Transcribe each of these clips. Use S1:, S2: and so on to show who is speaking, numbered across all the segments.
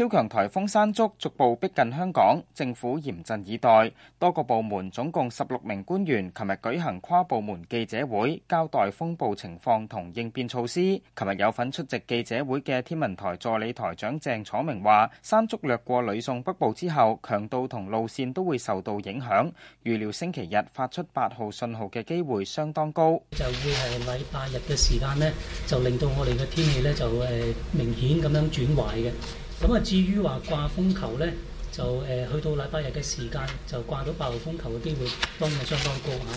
S1: 超強颱風山竹逐步逼近香港，政府嚴陣以待，多個部門總共十六名官員琴日舉行跨部門記者會，交代風暴情況同應變措施。琴日有份出席記者會嘅天文台助理台長鄭楚明話，山竹掠過呂宋北部之後強度同路線都會受到影響，預料星期日發出八號信號嘅機會相當高。就會係禮拜日嘅時間咧，就令到我哋嘅天氣咧，就明顯咁樣轉壞嘅。咁啊，至於話掛風球咧，就去、呃、到禮拜日嘅時間，就掛到八號風球嘅機會，當然係相當高嚇。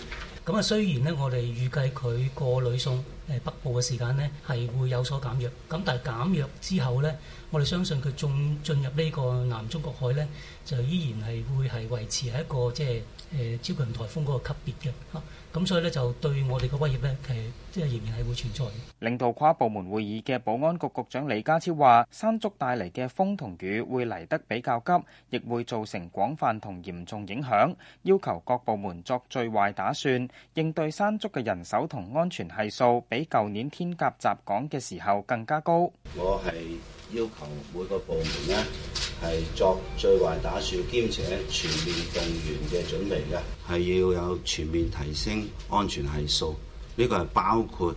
S1: 咁啊，雖然咧我哋預計佢過呂宋北部嘅時間咧，係會有所減弱。咁但係減弱之後咧，我哋相信佢進入呢個南中國海咧，就依然係會係維持喺一個即係、就是呃、超強颱風嗰個級別嘅嚇。所以咧，就對我哋嘅威脅咧，其實即係仍然係會存在嘅。領導跨部門會議嘅保安局局長李家超話：山竹帶嚟嘅風同雨會嚟得比較急，亦會造成廣泛同嚴重影響，要求各部門作最壞打算，應對山竹嘅人手同安全係數比舊年天鴿襲港嘅時候更加高。我係要求每個部門咧。係作最壞打算，兼且全面動員嘅準備嘅係要有全面提升安全系數。呢個係包括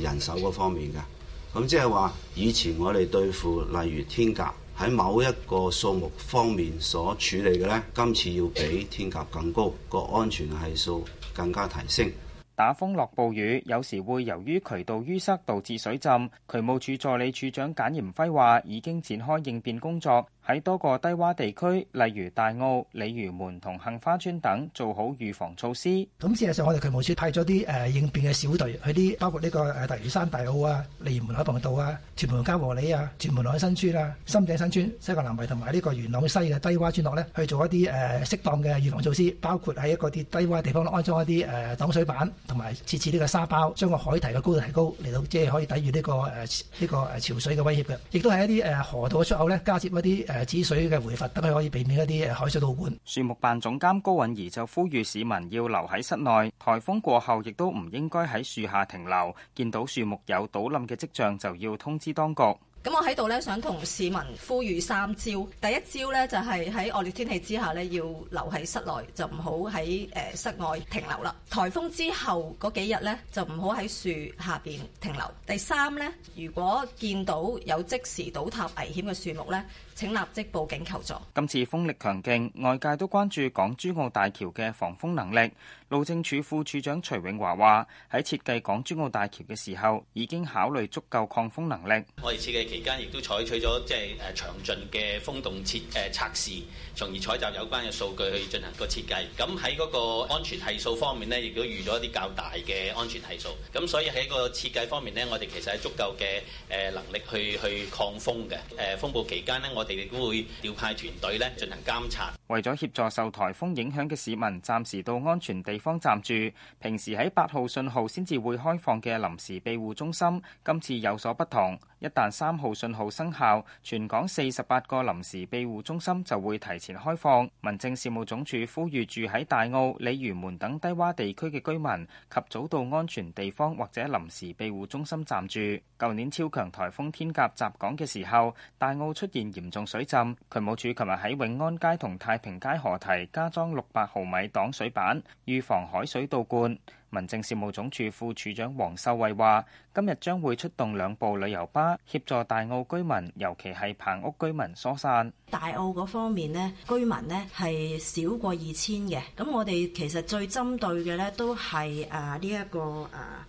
S1: 人手嗰方面嘅。咁即係話，以前我哋對付例如天鴿喺某一個數目方面所處理嘅呢，今次要比天鴿更高個安全系數，更加提升。打風落暴雨，有時會由於渠道淤塞導致水浸。渠務署助理處長簡炎輝話：已經展開應變工作。喺多個低洼地區，例如大澳、鯉魚門同杏花村等，做好預防措施。咁事實上，我哋渠務署派咗啲誒應變嘅小隊去啲包括呢個誒大嶼山大澳啊、鯉魚門海傍道啊、屯門嘉和里啊、屯門海新村啊、深井新村、西貢南圍同埋呢個元朗西嘅低洼村落咧，去做一啲誒適當嘅預防措施，包括喺一個啲低洼地方安裝一啲誒擋水板，同埋設置呢個沙包，將個海堤嘅高度提高，嚟到即係可以抵禦呢個誒呢個誒潮水嘅威脅嘅。亦都係一啲誒河道嘅出口咧，加設一啲誒。海水嘅回復等佢可以避免一啲海水倒灌。樹木辦總監高韻儀就呼籲市民要留喺室內，颱風過後亦都唔應該喺樹下停留。見到樹木有倒冧嘅跡象，就要通知當局。咁我喺度咧，想同市民呼籲三招。第一招咧，就係喺惡劣天氣之下咧，要留喺室內，就唔好喺誒室外停留啦。颱風之後嗰幾日咧，就唔好喺樹下邊停留。第三咧，如果見到有即時倒塌危險嘅樹木咧，請立即報警求助。今次風力強勁，外界都關注港珠澳大橋嘅防風能力。路政署副署長徐永華話：喺設計港珠澳大橋嘅時候，已經考慮足夠抗風能力。我哋設計期間亦都採取咗即係誒詳盡嘅風洞設誒測試，從、呃、而採集有關嘅數據去進行個設計。咁喺個安全係數方面呢，亦都預咗一啲較大嘅安全係數。咁所以喺個設計方面呢，我哋其實係足夠嘅誒能力去去抗風嘅。誒、呃、風暴期間呢，我哋亦都會調派團隊呢進行監察。為咗協助受台風影響嘅市民，暫時到安全地。地方暫住，平時喺八號信號先至會開放嘅臨時庇護中心，今次有所不同。一旦三號信號生效，全港四十八個臨時庇護中心就會提前開放。民政事務總署呼籲住喺大澳、鯉魚門等低洼地區嘅居民，及早到安全地方或者臨時庇護中心暫住。舊年超強颱風天鴿襲港嘅時候，大澳出現嚴重水浸，渠務署琴日喺永安街同太平街河堤加裝六百毫米擋水板，預防海水倒灌。民政事務總署副署長黃秀慧話，今日將會出動兩部旅遊巴協助大澳居民，尤其係棚屋居民疏散。大澳嗰方面咧，居民咧係少過二千嘅，咁我哋其實最針對嘅咧都係誒呢一個誒。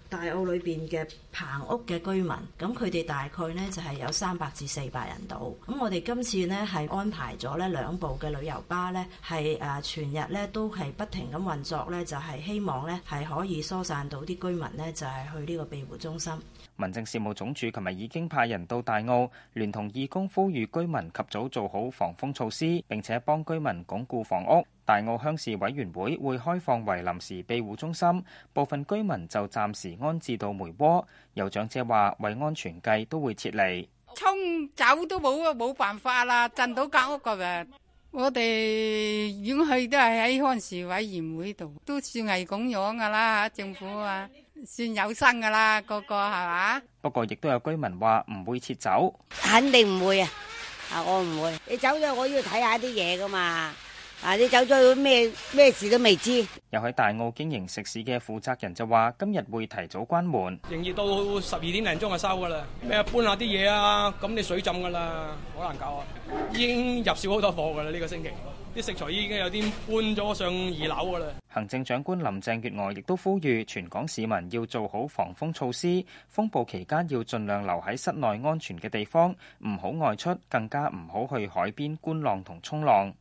S1: 大澳裏邊嘅棚屋嘅居民，咁佢哋大概呢就係有三百至四百人度。咁我哋今次呢係安排咗咧兩部嘅旅遊巴呢，係誒全日呢都係不停咁運作呢，就係、是、希望呢係可以疏散到啲居民呢，就係去呢個庇護中心。民政事務總署琴日已經派人到大澳，聯同義工呼籲居民及早做好防風措施，並且幫居民鞏固房屋。大澳鄉事委員會會開放為臨時庇護中心，部分居民就暫時安置到梅窩。有長者話：為安全計，都會撤離。沖走都冇冇辦法啦！震到間屋嘅人，我哋遠去都係喺鄉事委員會度，都算係咁樣噶啦。政府啊，算有心噶啦，個個係咪？不過亦都有居民話唔會撤走，肯定唔會啊！啊，我唔會，你走咗我要睇下啲嘢噶嘛。啊！你走咗咩咩事都未知。又喺大澳經營食肆嘅負責人就話：今日會提早關門，營業到十二點零鐘就收噶啦。咩搬下啲嘢啊，咁你水浸噶啦，好難搞啊！已經入少好多貨噶啦，呢個星期啲食材已經有啲搬咗上二樓噶啦。行政長官林鄭月娥亦都呼籲全港市民要做好防風措施，風暴期間要儘量留喺室內安全嘅地方，唔好外出，更加唔好去海邊觀浪同沖浪。